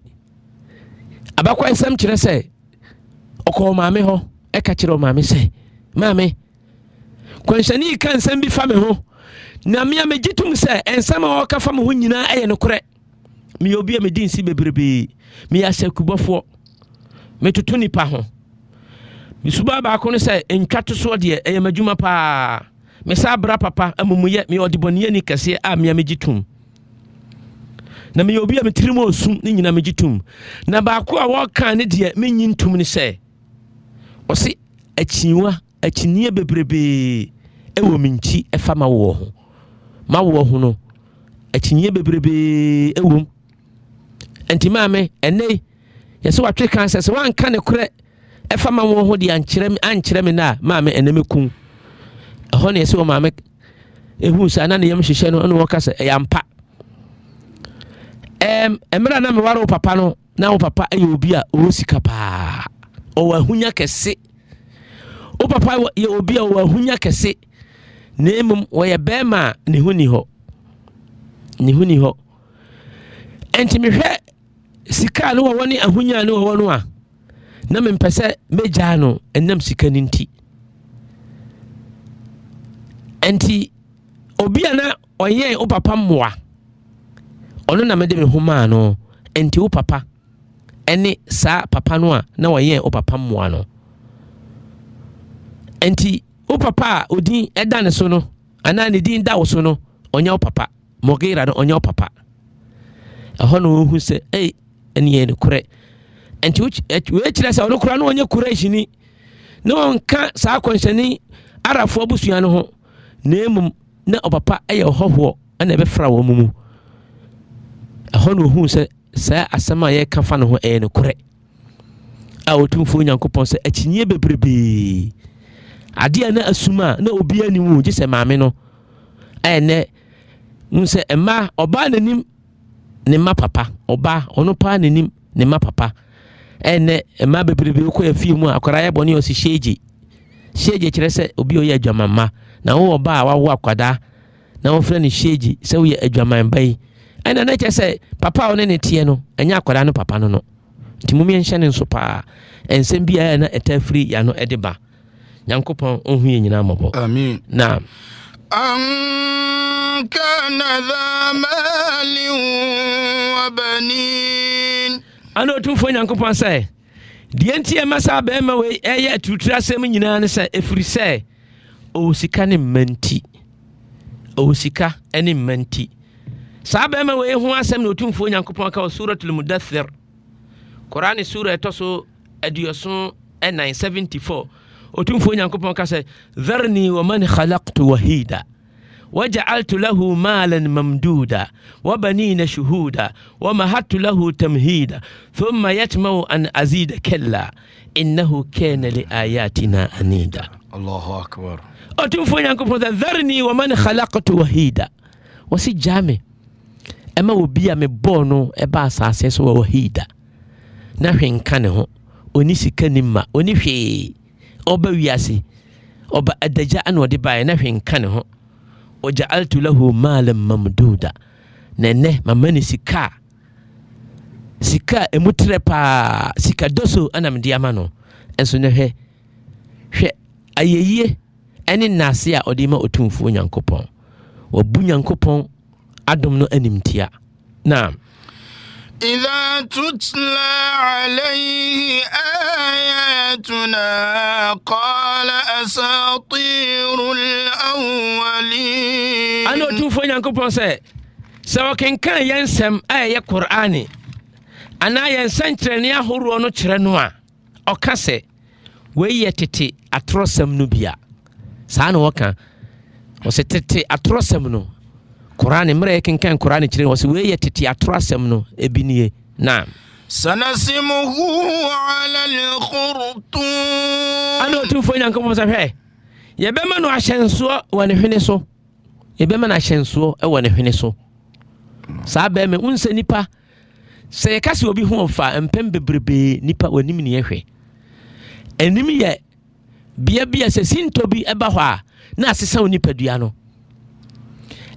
abakɔ ɛsɛm kyerɛ sɛ ɔkɔɔ maame hɔ ɛka kyerɛ ɔmaame sɛ maame kwanhyɛne ka nsɛm bi fa me ho na mea megye tom sɛ ɛnsɛm a ɔka fa me ho nyinaa ɛyɛ nokorɛ meyɛ obi a medi nsi bebrebee meyɛ asakubɔfoɔ metoto nipa ho mesuba baako no sɛ ntwa to soɔ deɛ ɛyɛ m'adwuma paa mesa abra papa amumuyɛ meyɛ ɔdebɔneyɛni kɛseɛ a mea megye tom na meyɛ obi a metiri mu ɔsum ne nyina megye tom na baako a wɔka ne deɛ menyi ntom ne sɛ ɔse akyiwa akyinneɛ bebrebee ɛwɔ me nkyi ɛfa ma woɔ ho ma woɔ ho no akyinneɛ bebrebee ɛwɔ m ɛnti maame ɛnɛ yɛsɛ watwe kan sɛ sɛ woanka ne korɛ ɛfa ma woɔ ho deɛ ankyerɛ me no a maame ɛnɛ mɛkum ɛhɔ ne ɛsɛ wɔ maame ehu saa na ne yam hyehyɛ no ɛna wɔka ɛyɛ ampa ɛm mmerɛ na meware wo papa no na wo papa ɛyɛ obi a ɔwɔ sika paa ɔwɔ ahunya kɛse wo papa yɛ obi a ɔwɔ ahunya kɛse na mmom wɔyɛ bɛrima a ne ho ni hɔ ne ho ni hɔ ɛnti mehwɛ sika a ne wɔwɔ ne ahunya a ne wɔwɔ no a na mempɛ sɛ mɛgyaa no ɛnam sika no nti nti obi a na ɔyɛ wo papa mmoa ɔno na mede me ho maa no nti wo papa ɛne saa papa no a na ɔyɛ wo papa mmoa no nti wo papa a odin ɛda ne so no anaa ne din da wo so no ɔnyɛ wo papa mogera no ɔnyɛ wo papa ɛhɔ na wɔhu sɛ ei ɛne yɛ nokorɛ nti wɔakyerɛ sɛ ɔno koraa na ɔnyɛ kurɛhyini na ɔnka saa kɔnhyɛne arafoɔ abusua no ho na mmom na ɔpapa yɛ ɔhɔhoɔ ɛna ɛbɛfra wɔn mu mu ɛhɔ na ohun sɛ saa asɛm a yɛreka fa ne ho ɛyɛ nokorɛ a ɔtumfoɔ nyankopɔn sɛ akyinnyɛ bebrebee adeɛ na asum a na obiara anim wo gye sɛ maame no ɛnɛ n sɛ mmaa ɔbaa n'anim ne mma papa ɔbaa ɔno paa n'anim ne mma papa ɛnɛ mmaa bebrebee kɔ afie mu a akwaraa yɛ bɔne ɔsi hyɛgye hyɛgye kyerɛ sɛ obi a ɔyɛ adwamamma na wowɔ ba a wawo akwadaa na wɔfrɛ no hyɛgyi sɛ woyɛ adwaman ba yi ɛna na kyɛ sɛ papa a ɔne ne teɛ no ɛnyɛ akwadaa no papa no no nti momiɛ nhyɛ ne nso paa ɛnsɛm biara na ɛta firi yano ɛde ba nyankopɔn ɔhu yɛ nyinaa mmɔbɔ na أن كان ذا مال وبنين أنا أتوفى نانكو deɛ nti ɛma saa bɛrima wei ɛyɛ aturutura asɛm nyinaa ne sɛ ɛfiri sɛ ɔwɔ sika ne mma nti ɔwɔ sika ne mma nti saa bɛrima wei ho asɛm na ɔtumfuo nyankopɔn ka wɔ suratul mudathir korane sura ɛtɔ so aduɔso ɛnan 74 ɔtumfuo nyankopɔn ka sɛ dharni wa man khalaqtu wahida وجعلت له مالا ممدودا وبنين شهودا ومهدت له تمهيدا ثم يتمع أن أزيد كلا إنه كان لآياتنا أنيدا allahu akbar ɔtumfoɔ nyankopɔn sɛ dharni waman khalakto wahida wɔse gyaa me ɛma obi a mebɔɔ no ɛba asase so wɔ wahida na hwe nka ne ho ɔni sika ni ma ɔni hwee ɔba wiase ɔba adagya ana ɔde baeɛ na hwe nka ne ho ɔjaaltu lahu maala mamduda na mama ne sika sika a trɛ paa sika dɔ so ana mede ama no ɛnso ne hwɛ hwɛ ayɛyie ɛne nnaase a ɔde ma ɔtumfuo nyankopɔn wabu nyankopɔn adom no animtia na إذا تتلى عليه آياتنا قال أساطير الأولين أنا أتوفى ينكو بانسي سوى كان كان ينسم آية قرآني أنا ينسان ترنيا هرو نترنوا أكاسي wei yɛ tete atorɔsɛm no bia saa na wɔka wɔsɛ tete atorɔsɛm no korane mmerɛ yɛkenkan korane kyerɛ wɔ sɛ wei yɛ tete atorɔsɛm no ebi nie naam سنسمه على الخرطوم أنا أتوفى إن أنكم مسافر يبما نو عشان سوا ونحن سو يبما نو عشان سوا ونحن سو سابع من أنسى نيبا سيكاسي وبيهم فا أمبم ببربي نيبا ونمني يهوي anim yɛ bea bi a sɛ sinto bi ɛba hɔ a na asesa wo nipadua no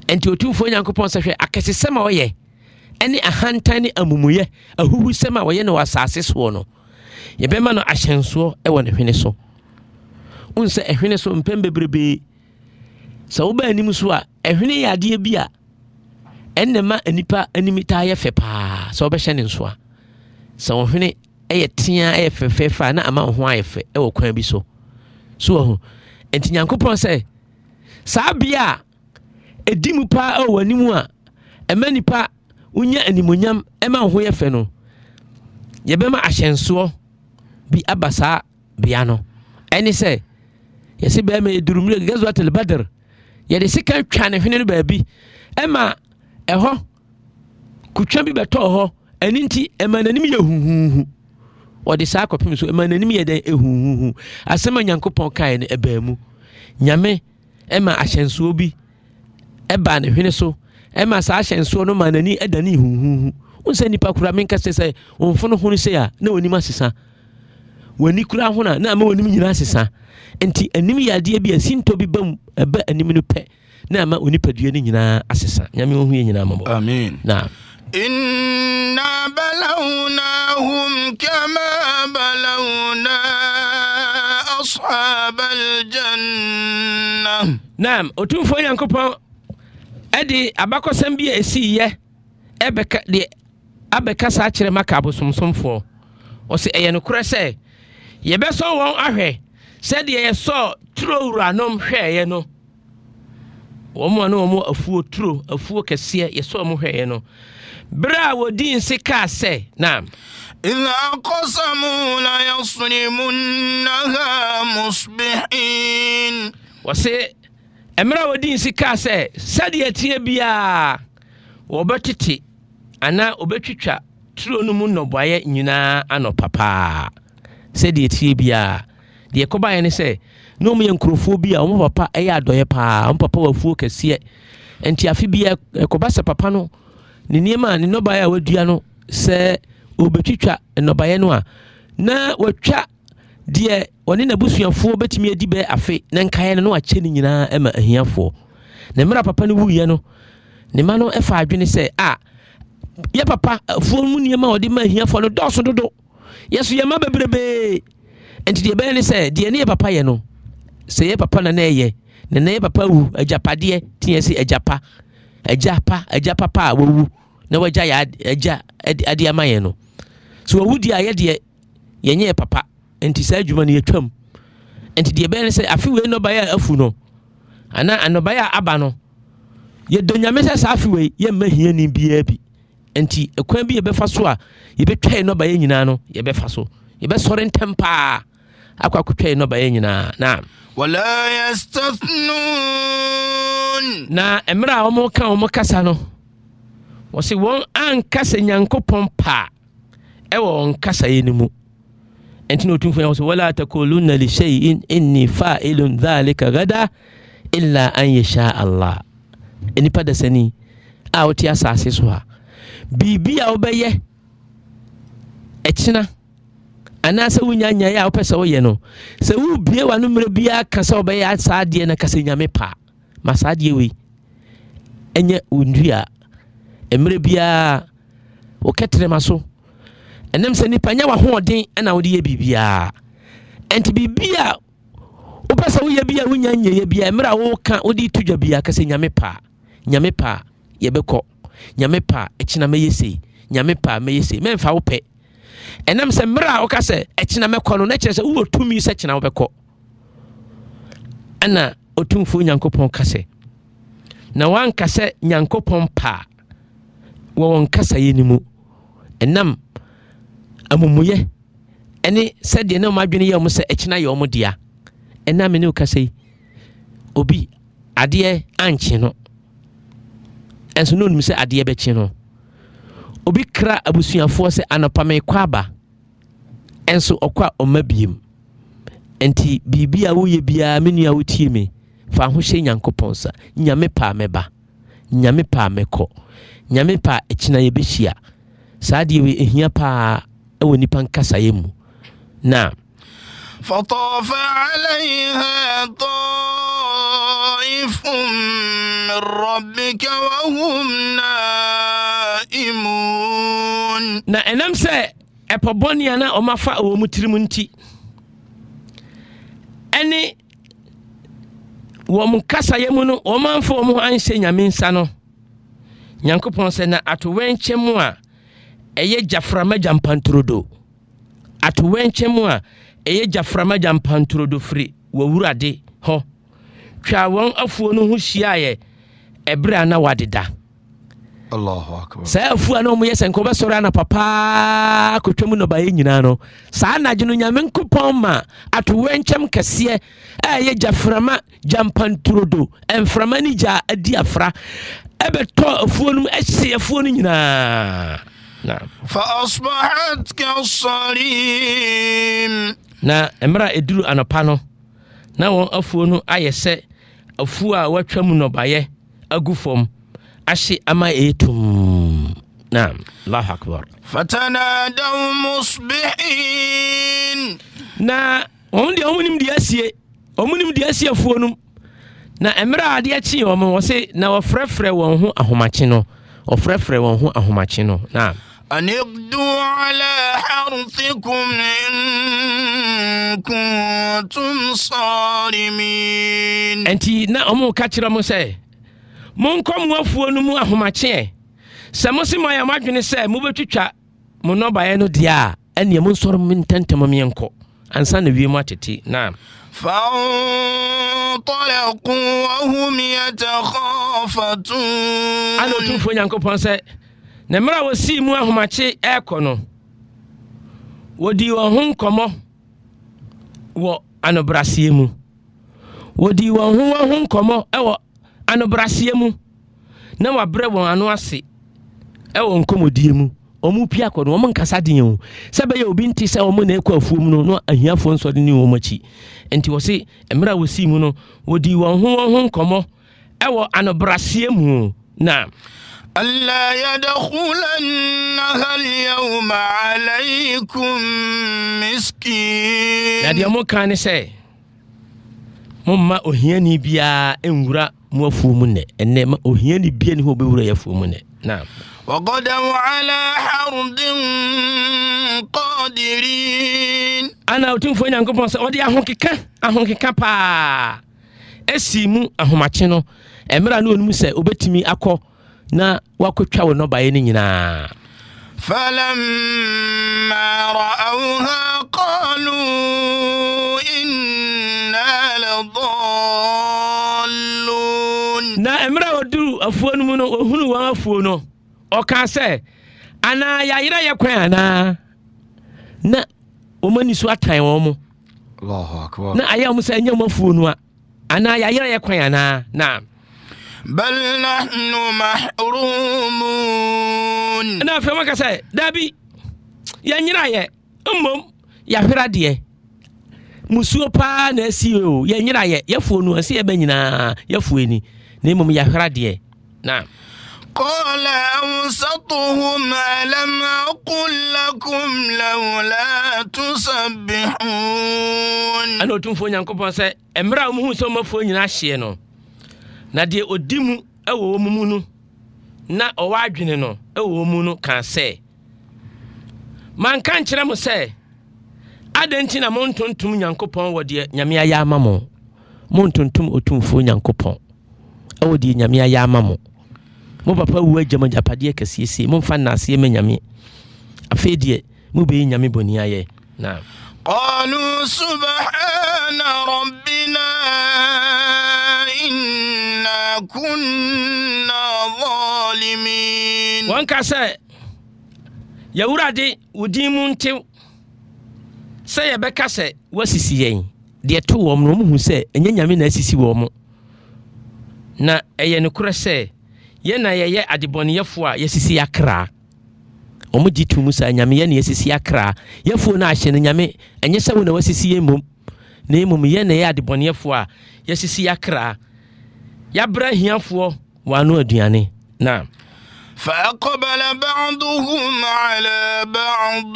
ɛnti otumfoɔ nyankopɔn sɛ hwɛ akɛsesɛm a ɔyɛ ɛne ahantan ne amumuyɛ ahuhusɛm a wɔyɛ no wɔ asase soɔ no yɛbɛma no ahyɛnsoɔ ɛwɔ ne hwene so wohu sɛ ɛhwene so mpɛn bebrebee sɛ woba anim so a ɛhwene yɛ adeɛ bi a ɛnna ma nnipa anim taa yɛ fɛ paa sɛ wobɛhyɛ ne nso a sɛ wɔhwene ɛyɛ tea ɛyɛ fɛfɛɛfɛ na ama ho ayɛ fɛ ɛwɔ kwan bi so so wɔ ho nti nyankopɔn sɛ saa bea a ɛdi mu paa ɛwɔ anim a ɛma nipa wonya animonyam ɛma ho yɛ fɛ no yɛbɛma ahyɛnsoɔ bi aba saa bea no ɛne sɛ yɛsi bɛrima yɛ duru mmerɛ gɛzɔ atel badr yɛde sika twa ne hwene no baabi ɛma ɛhɔ kutwa bi bɛtɔɔ hɔ ɛne nti ɛma n'anim yɛ huhuhu wɔde saa akɔpem so ɛma n'anim yɛ dɛ ehuhuhu asɛm a nyankopɔn kaeɛ no ɛbaa mu nyame ɛma ahyɛnsoɔ bi ɛbaa ne hwene so ɛma saa ahyɛnsoɔ no ma n'ani ɛda ne huhuhu nsɛ nipa kura menka sɛ sɛ wɔmfono ho no se a na wɔnim asesa wɔani kura ho na na ama wɔnim nyinaa asesa nti anim yɛ adeɛ bi asintɔ bi bam ɛba anim no pɛ na ama onipadua no nyinaa asesa nyame ɔhu yɛ nyinaa mɔbɔ amen na إنا بلوناهم كما بلونا أصحاب الجنة نعم أتوفوا ينكبون ɛde abakɔsɛm bi a ɛsiiɛ ɛbɛka deɛ abɛka saa kyerɛ maka abosomsomfoɔ ɔsɛ ɛyɛ nokorɛ sɛ yɛbɛsɔ wɔn ahwɛ sɛdeɛ yɛsɔ turo wuranom hwɛeɛ no wɔn a ne wɔn afuo afuo kɛseɛ yɛsɔ wɔn hwɛeɛ no berɛ a wɔdi nse sɛ nam إذا قسموا ليصرمنها مصبحين wɔse ɛmerɛ a wɔdi nsi kaa sɛ sɛdeɛ tie biaa wɔbɛtete anaa wɔbɛtwitwa turo no mu nnɔboaeɛ nyinaa anɔ papaa sɛdeɛ tie biaa deɛ ɛkɔbaeɛ ne sɛ na ɔmyɛ nkurɔfoɔ bi a ɔmo papa ɛyɛ adɔeɛ paa ɔmo papa wafuo kɛseɛ nti afe biaa papa no ne nneɛma ne nnɔbaeɛ a wadua no sɛ ɔbɛtwitwa nnɔbaeɛ no a na watwa deɛ ɔne n'abusuafoɔ bɛtumi adi bɛ afe na nkaeɛ no na wakyɛ no nyinaa ɛma ahiafoɔ na mmerɛ papa no wuiɛ no ne ma no ɛfa adwene sɛ a yɛ papa afuo mu nneɛma a ɔde ma ahiafoɔ no dɔɔso dodo yɛso yɛma bebrebee nti deɛ ɛbɛyɛ ne sɛ deɛ ne yɛ papa yɛ no sɛ yɛ papa na na ɛyɛ na na yɛ papa wu agyapadeɛ tiɛ sɛ agyapa agya pa agya papa a wawu na wagya yɛ agya ade ama yɛn no so wawu deɛ a yɛdeɛ yɛnyɛ papa nti saa adwuma no yɛtwam nti deɛ ɛbɛyɛ no sɛ afe wei nnɔbaeɛ a afu no anaa anɔbaeɛ a aba no yɛdɔ nyame sɛ saa afe wei yɛmma hiani biara bi nti ɛkwan bi yɛbɛfa so a yɛbɛtwa yɛ nnɔbaeɛ nyinaa no yɛbɛfa so yɛbɛsɔre ntɛm paa akɔ akɔtwa yɛ nnɔbaeɛ nyinaa naa wala yastathnun na mmerɛ a wɔka wɔn kasa no wɔsi wɔn ankasa nyankopɔn paa ɛwɔ wɔn kasaeɛ no mu ɛnti na ɔtumfoɔ yɛ in wala takulunna lishayin inni fa'ilun dhalika gada illa an yasha Allah nipa da sani a wote asase so a biribi a wobɛyɛ ɛkyina e anaasɛ wonya nyaeɛ a wopɛ sɛ woyɛ no sɛ wobie wa no mmerɛ biara ka sɛ wobɛyɛ saa adeɛ no ka nyame pa ma saa adeɛ wei ɛnyɛ wondua mmerɛ biara wokɛtrɛma so ɛnam sɛ nipa nyɛ wahoɔden ɛna wode yɛ biribiaa ɛnti biribia wopɛ sɛ woyɛ bia wonya nyɛyɛ bia mmerɛ a woka wode to dwa bia ka nyame pa nyame pa yɛbɛkɔ nyame pa ɛkyena mɛyɛ sei nyame pa mɛyɛ sei mɛmfa wo pɛ ɛnam sɛ mmerɛ a woka sɛ ɛkyena mɛkɔ no na kyerɛ sɛ wowɔ tumi sɛ kyena wobɛkɔ ɛna ɔtumfuo nyankopɔn ka sɛ na woanka sɛ nyankopɔn paa wɔ wɔn kasaeɛ no mu ɛnam amumuyɛ ɛne sɛdeɛ na ɔmadwene yɛ ɔmo sɛ ɛkyena yɛ ɔmo dea ɛnam ne woka sɛ obi adeɛ ankye no ɛnso na onim sɛ adeɛ bɛkye no obi kra abusuafoɔ sɛ anɔpamekɔ aba ɛnso ɔkɔ a ɔma biem nti biribi a woyɛ biara me nua wotie me fa ho hyɛ nyankopɔn sa nyame paa mɛba nyame paa mɛkɔ nyame paa ɛkyina yɛbɛhyia saa deɛ wei ɛhia paa ɛwɔ nipa nkasaeɛ mu na فطاف عليها طائف من ربك وهم muslimun na ɛnam sɛ ɛpɔ bɔne a na ɔmafa wɔ mu tirim nti ɛne wɔn kasayɛ mu no wɔmamfa wɔn ho anhyɛ nyame nsa no nyankopɔn sɛ na atowɛnkyɛ mu a ɛyɛ gyaframa gyampantorodo atowɛnkyɛ mu a ɛyɛ gyaframa gyampantorodo firi wɔwurade hɔ twa wɔn afuo no ho hyiaeɛ ɛberɛ a na wɔadeda saa afu a na ɔmoyɛ sɛ nka wobɛsɔre ana papaa kɔtwa mu nɔbaeɛ nyinaa no saa nnagye no nyame nkopɔn ma atowɛnkyɛm kɛseɛ ɛyɛ gyaframa gyampanturodo ɛmframa no gya adi afra ɛbɛtɔ afuo no ɛhye afuo no nyinaa فأصبحت كالصريم na mmerɛ a ɛduru anɔpa no na wɔn afuo no ayɛ sɛ afuo a wɔatwa mu nnɔbaeɛ agu fam ahye ama ɛyɛ tum naam allahu akbar fatanadaw musbihin na wɔn deɛ wɔn nim deɛ asie wɔn nim deɛ asie afuo no na mmerɛ a adeɛ kye wɔn wɔ se na wɔfrɛfrɛ wɔn ho ahomakye no wɔfrɛfrɛ wɔn ho ahomakye no naam أن اغدوا على حرثكم إن كنتم صارمين أنت نا أمو كاتشرا موسى monkɔ mo afuo no mu ahomakyeɛ sɛ mo se mo ayɛ mo adwene sɛ mobɛtwitwa mo nnɔbaeɛ no deɛ a ɛneɛ monsɔre mo ntɛntɛm meɛnkɔ ansa na wie mu atete na فانطلقوا وهم يتخافتون أنا أتوفى نيانكوبون سي نمرا وسي مو أهماتي إيكو نو ودي وهم كومو و أنا براسي مو ودي وهم وهم كومو أيوه anobraseɛ mu na wabrɛ wɔn ano ase ɛwɔ nkɔmmɔdie mu ɔmo pia kɔ no ɔmo nkasa deɛ o sɛ bɛyɛ obi nti sɛ ɔmo na ɛkɔ afuom no na ahiafoɔ nsɔre ne wɔn akyi nti wɔsi mmerɛ a wɔsi mu no wɔdi wɔn ho wɔn ho nkɔmɔ ɛwɔ anobraseɛ mu na. ألا يدخلنها اليوم عليكم مسكين. na deɛ mo kan ne sɛ mo mma mo afuo mu nɛ ɛnɛ ma ohiani bia ne ho bɛwura yɛ afuo mu nɛ naam وقدموا على حرد قادرين أنا أتم فوين أنكم بس أودي أهون كيكا أهون كيكا با أسيمو أهون أتشينو أمرا نو نمسة أبتمي أكو نا واكو تشاو نو بايني نا فلما رأوها قالوا إنا لضالون na mmerɛ a ɔduru afuo no mu no ɔhunu wɔn afuo no ɔka sɛ anaa yɛayerɛ yɛ kwan anaa na wɔn ani so atan wɔn mu na ayɛ wɔn sɛ ɛnyɛ wɔn afuo no a anaa yɛayerɛ yɛ kwan anaa na. na. bal nahnu mahrumun na afei maka sɛ daabi yɛnyera yɛ mmom yɛahwera deɛ musuo paa na asie o yɛnyera yɛ yɛfuo no ɛsɛ yɛbɛ nyinaa yɛfuo ni na mmom yɛahwera deɛ na قال أوسطهم ألم أقل لكم لولا تسبحون أنا أتم فوني أنكو بانسا أمرا أمهو سوما فوني ناشيه نو na deɛ ɔdi mu ɛwɔ wɔn mu no na ɔwɔ adwene no ɛwɔ wɔn mu no kan sɛ manka nkyerɛ mo sɛ adɛn nti na montontom nyankopɔn wɔ deɛ nyame ɛwɔ deɛ nyame ayɛ ama mo mo papa wu agya mo agyapadeɛ kɛseɛ sei momfa nnaseɛ ma nyame afei deɛ mobɛyi nyame bɔni ayɛ na قالوا سبحان ربنا إنا كنا ظالمين وانكا سي يورا دي ودي منتو سي يبكا سي دي تو ومنو مهو سي انيا نيامي ناسسي ومو na ɛyɛ no korɛ sɛ yɛna yɛyɛ adebɔneyɛfoɔ a yɛsisi akra ɔmo gye to mu saa nyame yɛn yɛsisi akra yɛfuo no ahyɛ no nyame ɛnyɛ sɛ wo na wasisi yɛn mmom na mmom yɛn na yɛyɛ adebɔneyɛfoɔ a yɛsisi akra yɛabrɛ ahiafoɔ wɔano aduane na فأقبل بعضهم على بعض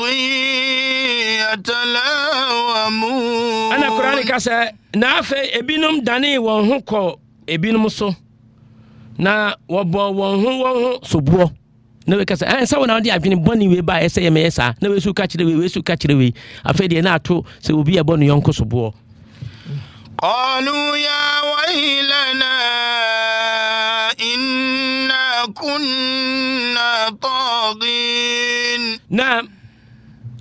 يتلاومون أنا قرآن كاسة نافع ابنهم داني وهم ebinom so na wɔbɔ wɔn ho wɔn ho soboɔ na wei ɛn sɛ wɔn na wɔde adwene bɔne wei ba a ɛsɛ yɛmɛyɛ saa na wei su wei wei su wei afei deɛ naato sɛ obi ɛbɔ ne yɔnko soboɔ. قالوا يا ويلنا إنا كنا طاغين نعم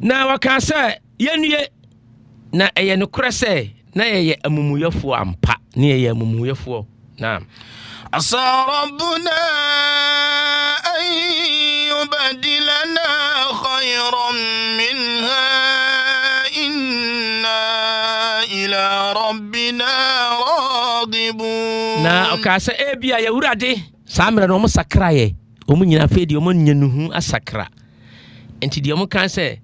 na wɔka sɛ yɛnnue na ɛyɛ nokorɛ sɛ na yɛyɛ amumuyɛfoɔ ampa na yɛyɛ amumuyɛfoɔ نعم عسى ربنا أن يبدلنا خيرا منها إنا إلى ربنا راغبون na ɔkaasa ebia yɛ wurade saa mmerɛ no ɔmo sakra yɛ ɔmo nyinaa afei deɛ ɔmo nyɛ nuhu asakra nti deɛ ɔmo kan sɛ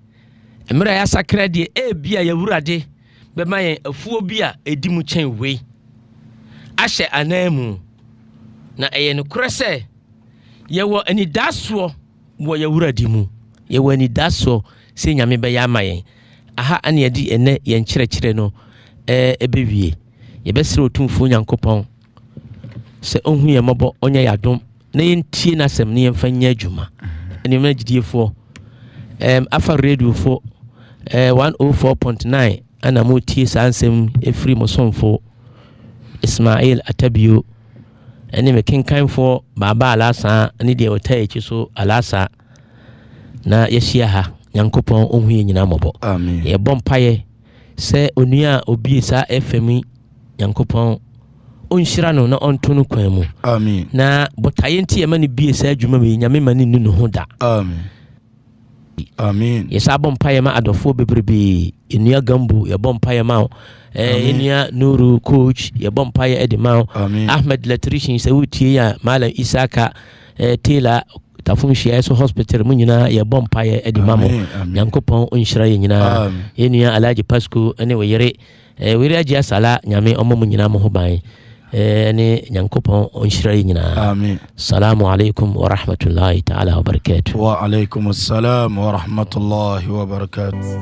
mmerɛ yɛ asakra deɛ ebia yɛ wurade bɛma yɛn afuo bi a edi mu kyɛn wei ahyɛ anan mu na ɛyɛ nokorɛ sɛ yɛwɔ anidasoɔ wɔ yɛwuradi mu yɛwɔ anidasoɔ sɛ nyame bɛyɛ ama yɛn aha ane yɛde ɛnɛ yɛn kyerɛkyerɛ no ɛbɛwie yɛbɛsrɛ ɔtumfuo nyankopɔn sɛ ɔhu yɛn mmɔbɔ ɔnyɛ yɛ adom na yɛntie no asɛm na yɛmfa nyɛ adwuma mhm. anuom no agyidiefoɔ um, afa radiofoɔ uh, 104.9 ana motie saa nsɛm ɛfiri mo ismail atabio ɛne mekenkanfoɔ baaba alasaa ne deɛ wɔtaa akyi so alasaa na yɛahyia ha nyankopɔn ɔhu yɛ nyinaa mmɔbɔ yɛbɔ mpayɛ sɛ onua a obie saa ɛfam yi nyankopɔn ɔnhyira no na ɔnto no kwan mu na botaeɛ nti yɛma no bie saa adwuma mu yi nyame ma no nnu ne ho da bi yɛsa bɔ mpayɛ ma adɔfoɔ bebrebee ɛnua gambo yɛbɔ mpayɛ ma wo ɛnua nuru coach yɛbɔ mpayɛ de ma wo ahmed latrichin sɛ wotie a malam isaka tailor tafom hyia ɛso hospital mu nyinaa yɛbɔ mpayɛ de ma mo nyankopɔn nhyira yɛ nyinaa yɛnua alagye pasco ne wɔyere wɔyere agye asala nyame ɔma mu nyinaa mo ho ban ni nyankopɔn ɔnhyira yi nyinaa salamu alaikum warahmatullahi taala wabarakatu wa alaikum assalam warahmatullahi wabarakatu